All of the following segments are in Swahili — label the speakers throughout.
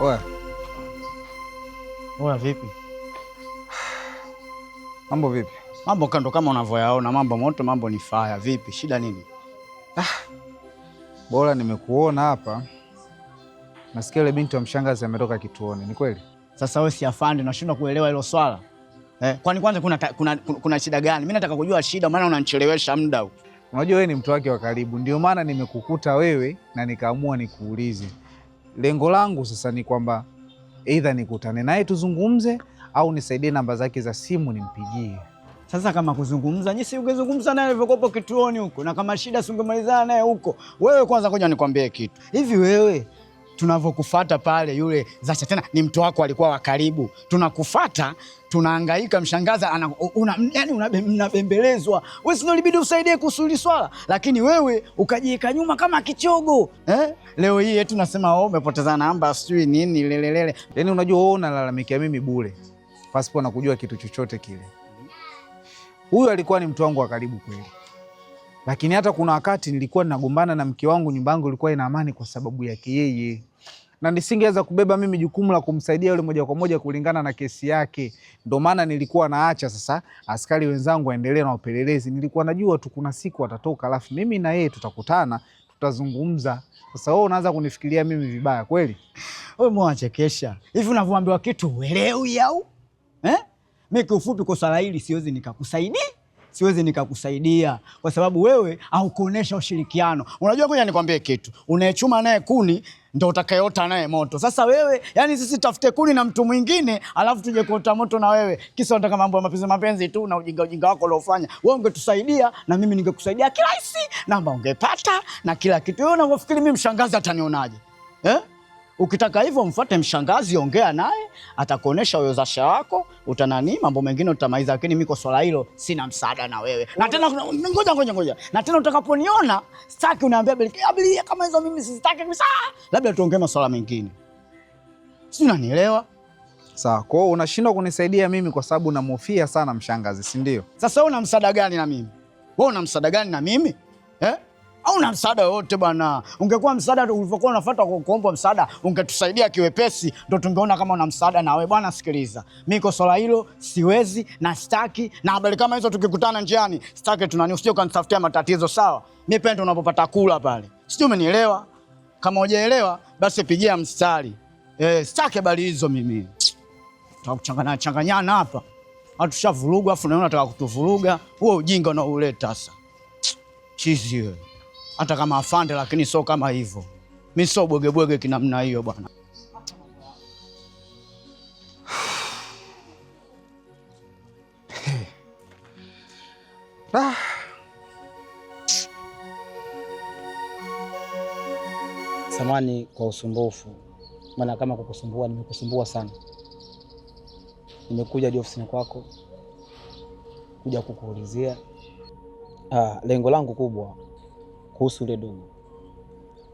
Speaker 1: Oya oya, vipi mambo? Vipi
Speaker 2: mambo? Kando kama unavyoyaona, mambo moto, mambo ni faya. Vipi, shida nini? Ah,
Speaker 1: bora nimekuona hapa. Nasikia ile binti wa mshangazi ametoka kituoni, ni kweli?
Speaker 2: Sasa wewe si afande, nashindwa kuelewa hilo swala eh. Kwani kwanza kuna, kuna, kuna, kuna shida gani? Mimi nataka kujua shida, maana unanichelewesha muda huu.
Speaker 1: Unajua wewe ni mtu wake wa karibu, ndio maana nimekukuta wewe na nikaamua nikuulize lengo langu sasa ni kwamba aidha nikutane naye tuzungumze, au nisaidie namba zake za simu nimpigie.
Speaker 2: Sasa kama kuzungumza, nyisi ungezungumza naye alivyokopo kituoni huko, na kama shida si ungemalizana naye huko. Wewe kwanza, kuja nikwambie kitu hivi, wewe tunavyokufata pale, yule Zacha tena ni mtu wako, alikuwa wa karibu, tunakufata tunahangaika, mshangaza ana, una, yani unabembelezwa wewe, sio libidi usaidie kusuli swala, lakini wewe ukajiika nyuma kama kichogo eh? Leo hii eti nasema oh, umepoteza namba sijui nini lelelele,
Speaker 1: yani unajua wewe unalalamikia mimi bure pasipo na kujua kitu chochote kile. Huyu alikuwa ni mtu wangu wa karibu kweli lakini hata kuna wakati nilikuwa ninagombana na mke wangu, nyumba yangu ilikuwa ina amani kwa sababu yake yeye, na nisingeweza kubeba mimi jukumu la kumsaidia yule moja kwa moja kulingana na kesi yake. Ndio maana nilikuwa naacha sasa askari wenzangu waendelee na upelelezi. Nilikuwa najua tu kuna siku atatoka, alafu mimi na yeye tutakutana, tutazungumza. Sasa wewe unaanza kunifikiria mimi vibaya kweli?
Speaker 2: Wewe kesha hivi, unavyoambiwa kitu uelewi au eh? Mimi kiufupi, kwa swala hili siwezi nikakusaidia siwezi nikakusaidia kwa sababu wewe haukuonesha ushirikiano. Unajua, ngoja nikwambie kitu, unayechuma naye kuni ndo utakayeota naye moto. Sasa wewe, yani sisi tafute kuni na mtu mwingine, alafu tuje kuota moto na wewe, kisa unataka mambo ya mapenzi mapenzi tu na ujinga ujinga wako uliofanya wewe. Ungetusaidia na mimi ningekusaidia kirahisi, namba ungepata na kila kitu. Wewe unavyofikiri mimi mshangazi atanionaje eh? Ukitaka hivyo mfuate mshangazi, ongea naye, atakuonesha zasha wako utanani, mambo mengine utamaliza, lakini mimi kwa swala hilo sina msaada na wewe. Na tena ngoja ngoja ngoja, na tena utakaponiona sitaki uniambia bila kama hizo, mimi sizitaki kabisa, labda tuongee masuala mengine, Sio, unanielewa?
Speaker 1: Sawa. Kwa hiyo unashindwa kunisaidia mimi kwa sababu namhofia sana mshangazi, si ndio?
Speaker 2: Sasa wewe una msaada gani na mimi? Wewe una msaada gani na mimi eh? hauna msaada wowote bwana. Ungekuwa msaada ulivyokuwa unafuata kwa kuomba msaada, ungetusaidia kiwepesi, ndo tungeona kama una msaada na wewe bwana. Sikiliza, mi kwa swala hilo siwezi na staki, na habari kama hizo tukikutana njiani staki, tunani usije ukanitafutia matatizo, sawa? Mi pendo unapopata kula pale, sijui umenielewa. Kama hujaelewa basi pigia mstari. Eh, staki habari hizo mimi. Tutakuchanganya changanyana hapa. Hatushavuruga afu naona nataka kutuvuruga. Huo ujinga unaouleta sasa. Chizi wewe hata kama afande, lakini sio kama hivyo. Mi sio bwegebwege kinamna hiyo bwana. Ah. Samani kwa usumbufu, maana kama kukusumbua, nimekusumbua sana. Nimekuja hadi ofisini kwako kuja kukuulizia. Ah, lengo langu kubwa kuhusu ule dogo,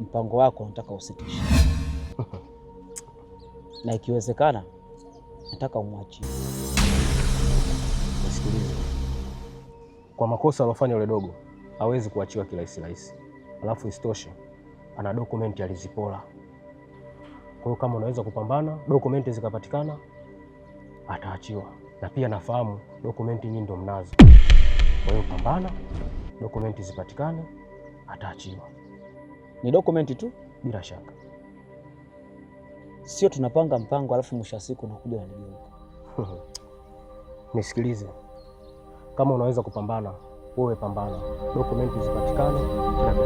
Speaker 2: mpango wako nataka usitishe, na ikiwezekana nataka umwachie.
Speaker 1: Nisikilize, kwa makosa aliofanya ule dogo hawezi kuachiwa kirahisi rahisi, alafu isitoshe ana dokumenti alizipola Kwa hiyo kama unaweza kupambana, dokumenti zikapatikana, ataachiwa. Na pia nafahamu dokumenti nyinyi ndo mnazo, kwa hiyo pambana, dokumenti zipatikane ataachiwa.
Speaker 2: Ni dokumenti tu, bila shaka. Sio tunapanga mpango alafu mwisho wa siku unakuja unanigeuka.
Speaker 1: Nisikilize, kama unaweza kupambana wewe pambana, dokumenti zipatikane na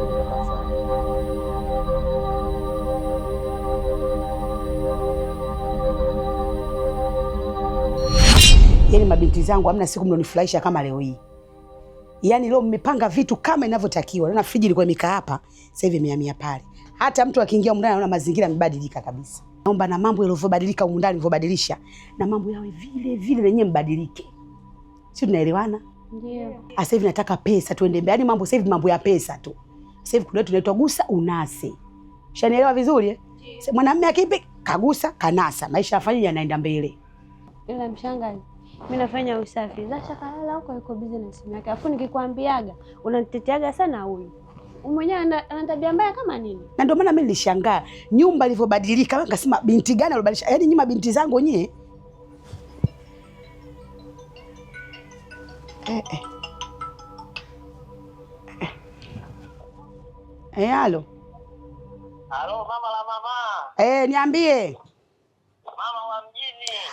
Speaker 3: Yaani mabinti zangu, hamna siku mnonifurahisha kama leo hii yani leo mmepanga vitu kama inavyotakiwa. Naona friji ilikuwa imekaa hapa, sasa hivi imehamia pale. Hata mtu akiingia huko ndani anaona mazingira yamebadilika kabisa. Naomba na mambo yalivyobadilika huko ndani mlivyobadilisha na mambo yawe vile vile yenyewe mbadilike. Sio tunaelewana? Ndio. Ah, sasa hivi nataka pesa tuende mbele. Yaani mambo sasa hivi mambo ya pesa tu. Sasa hivi kuna tunaitwa gusa unase. Shanielewa vizuri eh? Mwanamume akipi kagusa kanasa, maisha afanye yanaenda mbele.
Speaker 4: Ila mshangazi mi nafanya usafi. Zasha kalala huko, yuko bizi na simu yake. Alafu nikikwambiaga unaniteteaga sana huyu mwenyewe ana tabia mbaya kama nini,
Speaker 3: na ndio maana mimi nilishangaa nyumba ilivyobadilika, nikasema binti gani alibadilisha? Yaani nyuma binti zangu nyie eh, eh. Eh, alo
Speaker 5: alo, mama la mama.
Speaker 3: Eh, niambie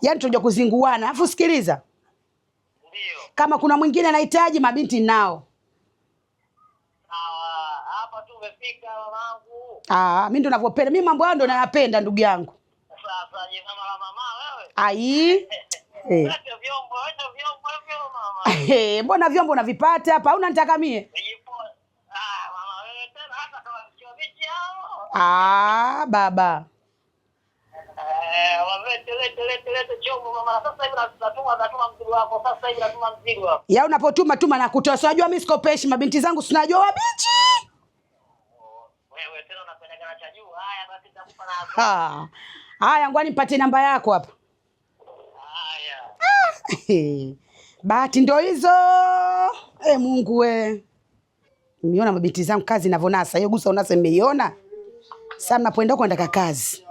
Speaker 3: yaani tunja kuzinguana. Alafu sikiliza, ndio kama kuna mwingine anahitaji mabinti nao
Speaker 5: hapa tu umefika mamangu.
Speaker 3: Ah, mimi ndo navyopenda mimi, mambo yao ndo nayapenda ndugu yangu.
Speaker 5: Sasa je, kama la mama wewe?
Speaker 3: Ai. Eh. Hey, eh, mbona vyombo unavipata hapa au unanitaka mie? Ah, ah, baba ya unapotuma tuma na kutoa. So najua mimi sikopeshi, mabinti zangu sinajua wabichi. Oh, Haya ngwani mpate namba yako hapa.
Speaker 5: Haya. ndo
Speaker 3: ah. Bahati hizo. e, Mungu we. Nimeona mabinti zangu kazi inavyonasa. Hiyo gusa unasa nimeiona. Sasa mnapoenda kwenda kazi.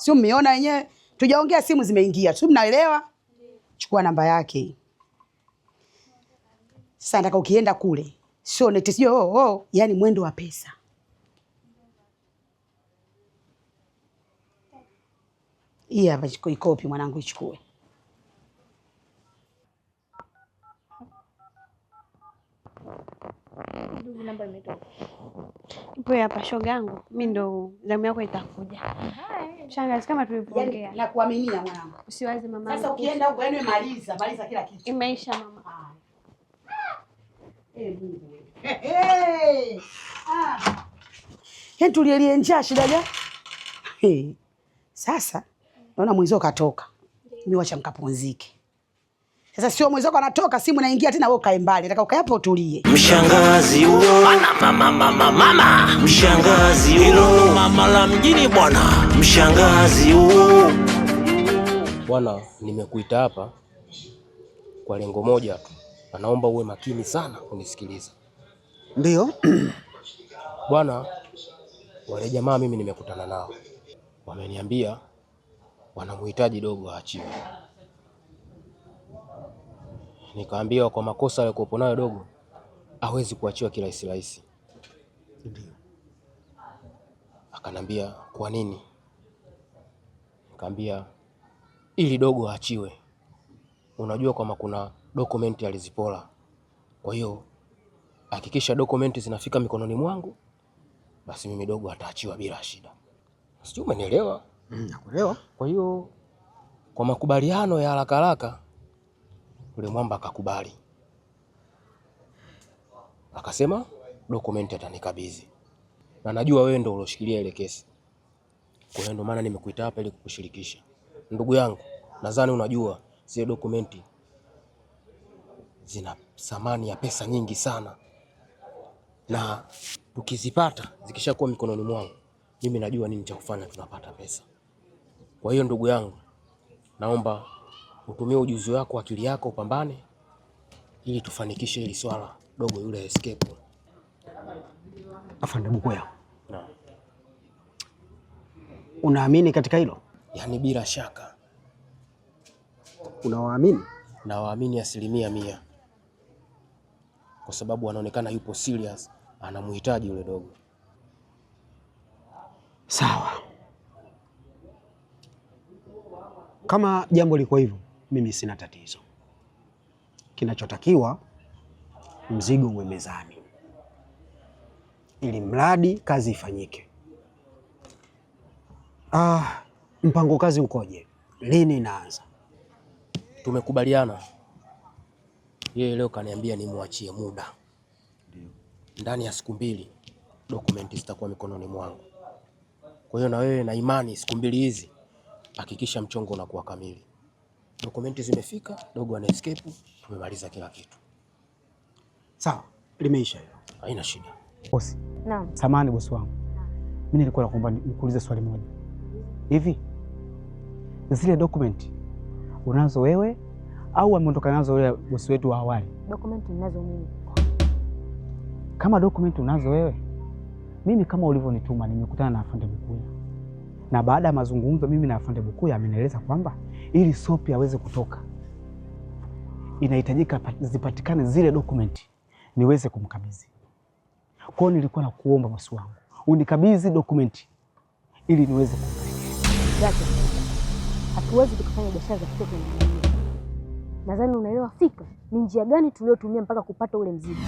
Speaker 3: Sio mmeona wenyewe? Tujaongea simu zimeingia. Tu mnaelewa? Chukua namba yake. Sasa nataka ukienda kule. Sio neti sio oh, oh, yani mwendo wa pesa. Hii hapa ikopi mwanangu ichukue.
Speaker 4: Ipo hapa shoga yangu, mi ndo zamu yako itakuja. Shangazi, kama tulivyoongea, yaani,
Speaker 3: nakuaminia mwanangu,
Speaker 4: usiwaze mama.
Speaker 3: Sasa ukienda huko, yani maliza maliza kila kitu,
Speaker 4: imeisha mama. Ah.
Speaker 3: Yani tulielie njaa shida ja sasa, naona mwenzio katoka, mi wacha mkapumzike. Sasa sio mwenzako anatoka, simu inaingia tena, wewe ukae mbali, nataka ukae hapo utulie.
Speaker 6: Mshangazi huo mama, mama, mama. Mshangazi huo mama la mjini bwana. Mshangazi huo
Speaker 1: bwana, nimekuita hapa kwa lengo moja tu, anaomba uwe makini sana kunisikiliza. Ndio bwana, wale jamaa mimi nimekutana nao, wameniambia wanamhitaji dogo aachiwe nikaambiwa kwa makosa aliyokuwa nayo dogo hawezi kuachiwa kirahisi rahisi. Ndio akanambia kwa nini? Nikaambia ili dogo aachiwe, unajua kwamba kuna dokumenti alizipola, kwa hiyo hakikisha dokumenti zinafika mikononi mwangu, basi mimi dogo ataachiwa bila shida. Sijui umenielewa?
Speaker 2: Mm, nakuelewa.
Speaker 1: Kwa hiyo kwa makubaliano ya haraka haraka yule mwamba akakubali, akasema dokumenti atanikabidhi, na najua wewe ndio ulioshikilia ile kesi, kwa hiyo ndio maana nimekuita hapa ili kukushirikisha. Ndugu yangu, nadhani unajua zile dokumenti zina thamani ya pesa nyingi sana, na tukizipata zikishakuwa mikononi mwangu, mimi najua nini cha kufanya, tunapata pesa. Kwa hiyo ndugu yangu, naomba utumie ujuzi wako, akili yako, upambane ili tufanikishe hili swala dogo, yule escape.
Speaker 2: Afande Bukwea, unaamini katika hilo?
Speaker 1: Yaani bila shaka unawaamini? Nawaamini asilimia mia, kwa sababu anaonekana yupo serious, anamhitaji yule dogo.
Speaker 2: Sawa, kama jambo liko hivyo mimi sina tatizo. Kinachotakiwa mzigo uwe mezani, ili mradi kazi ifanyike. Ah, mpango kazi ukoje? Lini inaanza?
Speaker 1: Tumekubaliana yeye leo kaniambia nimwachie muda, ndani ya siku mbili dokumenti zitakuwa mikononi mwangu. Kwa hiyo na wewe na imani, siku mbili hizi hakikisha mchongo unakuwa kamili dokumenti zimefika, dogo ana escape, tumemaliza kila kitu.
Speaker 2: Sawa, limeisha hilo, haina shida. Bosi, naam. Samahani bosi wangu, mimi nilikuwa nakuomba nikuulize swali moja hivi, zile dokumenti unazo wewe au ameondoka nazo yule bosi wetu wa awali?
Speaker 4: Dokumenti ninazo mimi.
Speaker 2: Kama dokumenti unazo wewe, mimi kama ulivyonituma nimekutana na afande Mkuya na baada ya mazungumzo mimi na afande Bukuya amenieleza kwamba ili Sopi aweze kutoka inahitajika zipatikane zile dokumenti niweze kumkabidhi. Kwa hiyo nilikuwa na kuomba bosi wangu unikabidhi dokumenti ili niweze kupeleka.
Speaker 4: Hatuwezi tukafanya biashara za kitoto. Nadhani unaelewa fika ni njia gani tuliyotumia mpaka kupata ule mzigo.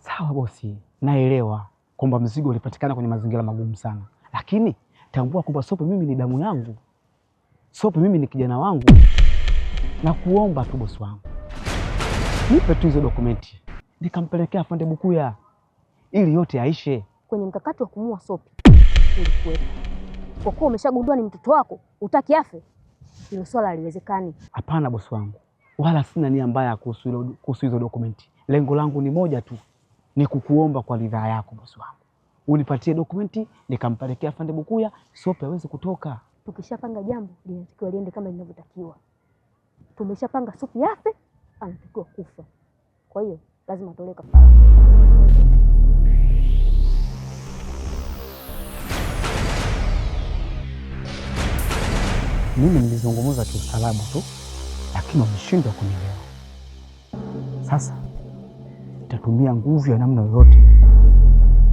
Speaker 2: Sawa bosi, naelewa kwamba mzigo ulipatikana kwenye mazingira magumu sana, lakini kutambua kwamba Sopu mimi ni damu yangu, Sopu mimi ni kijana wangu, na kuomba tu bosi wangu nipe tu hizo dokumenti nikampelekea afande Bukuya ili yote aishe.
Speaker 4: Kwenye mkakati wa kumua Sopu ulikuwepo, kwa kuwa umeshagundua ni mtoto wako, utaki afe, hilo swala haliwezekani.
Speaker 2: Hapana bosi wangu, wala sina nia mbaya kuhusu hizo dokumenti. Lengo langu ni moja tu, ni kukuomba kwa ridhaa yako bosi wangu unipatie dokumenti nikampelekea fande Bukuya, Sope aweze kutoka.
Speaker 4: Tukishapanga jambo linatakiwa liende kama linavyotakiwa. Tumeshapanga Sope yafe, anatakiwa kufa. Kwa hiyo lazima atolewe kafara.
Speaker 2: Mimi nilizungumza kiusalama tu, lakini wameshindwa kunielewa. Sasa nitatumia nguvu ya namna yoyote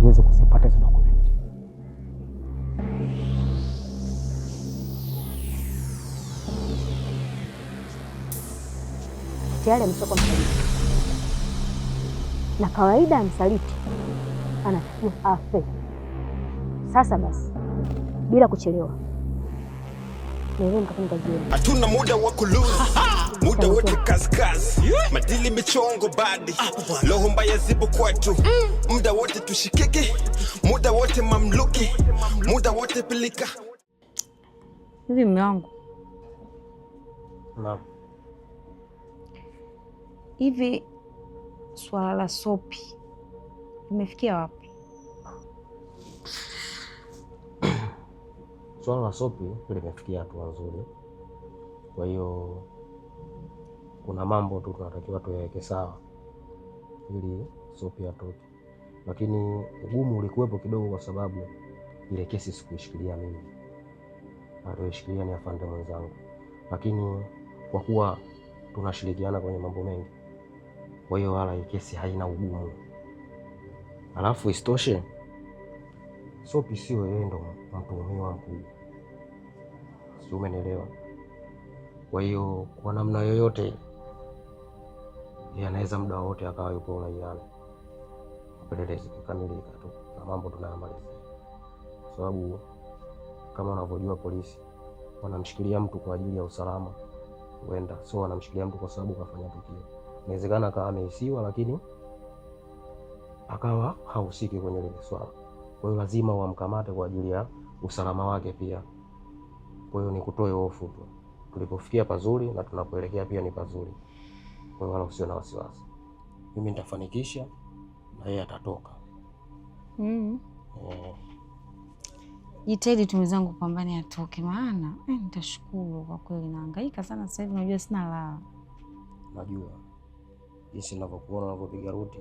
Speaker 2: tuweze kuzipata hizo dokumenti.
Speaker 4: Tayari ameshakuwa msaliti, na kawaida ya msaliti anatakiwa afe. Sasa basi, bila kuchelewa, naelewa mtakani kazi yenu, hatuna muda wa kuluza muda wote kaskazi, madili michongo badi, loho mbaya zipo kwetu muda wote, tushikike muda wote, mamluki muda wote, pilika hivi. mme wangu hivi, swala la Sopi limefikia wapi?
Speaker 1: Swala la Sopi limefikia hatua nzuri, kwa hiyo kuna mambo tu tunatakiwa tuyaweke sawa ili sopi atoke lakini ugumu ulikuwepo kidogo, kwa sababu ile kesi sikuishikilia mimi, aliyeshikilia ni afande mwenzangu, lakini kwa kuwa tunashirikiana kwenye mambo mengi, kwa hiyo wala kesi haina ugumu. Alafu isitoshe Sopi sio yeye ndo mtuhumiwa mkuu, si umenielewa? Kwa hiyo kwa namna yoyote yanaweza muda wote akawa yuko unaiana upelelezi kikamilika tu na mambo tunayamaliza, kwa sababu kama unavyojua polisi wanamshikilia mtu kwa ajili ya usalama, huenda so wanamshikilia mtu kwa sababu kafanya tukio. Inawezekana akawa amehisiwa, lakini akawa hahusiki kwenye lile swala. Kwa hiyo lazima wamkamate kwa ajili ya usalama wake pia. Kwa hiyo ni kutoe hofu tu, tulipofikia pazuri na tunapoelekea pia ni pazuri. Kwa wala usio na wasiwasi, mimi nitafanikisha na yeye atatoka. mm.
Speaker 4: Eh. jitahidi tu mwenzangu, pambane atoke, maana eh, nitashukuru kwa kweli. naangaika sana sasa hivi, najua sina la,
Speaker 1: najua jinsi ninavyokuona unavyopiga ruti.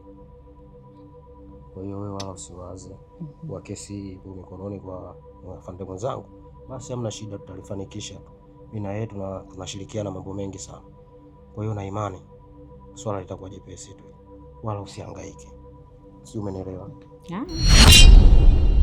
Speaker 1: Kwa hiyo wewe wala usiwaze mm -hmm. kwa kesi hii mikononi kwa afande mwenzangu, basi hamna shida, tutalifanikisha Mimi na yeye tunashirikiana mambo mengi sana, kwa hiyo na imani swala litakuwa jepesi tu, wala usihangaike. Si umenielewa? Ah.